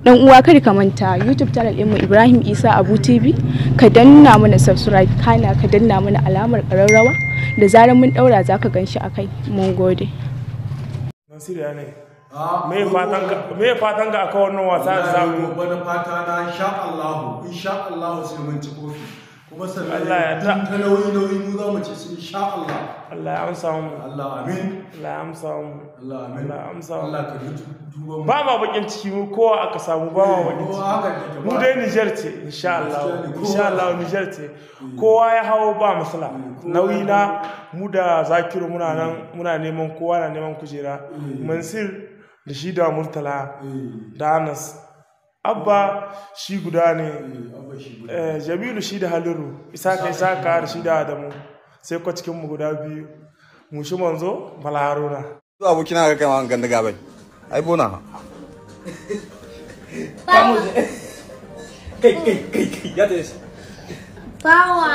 dan uwa kada ka manta youtube channel mu ibrahim isa abu tv ka danna mana subscribe kana ka danna mana alamar kararrawa da zarar mun daura za ka ganshi a kai mun gode me fatan ga aka wannan wasa da zamu bana fata na insha Allah insha Allah sai mun ci kofi kuma sannan ya ta nauyi nauyi mu za mu ci su insha Allah Allah ya amsa mu Allah amin Allah ya amsa mu Allah amin Allah ya amsa mu Allah ka duba mu ba ma bakin ciki mu kowa aka samu ba ma bakin eh, ciki mu dai Niger ce insha Allah insha Allah Niger ce eh. kowa ya hawo ba masala eh, nauyi na mu da Zakiru muna nan muna neman kowa na neman kujera Mansir da shi da Murtala da Anas abba shi guda ne eh, jamilu shi da haliru isaka isaka da shi da adamu sai kwa cikin mu guda biyu mu shi manzo malaruna haruna abokin haka kai wani ganda gabai ai bona kai kai kai kai ya ta yi bawa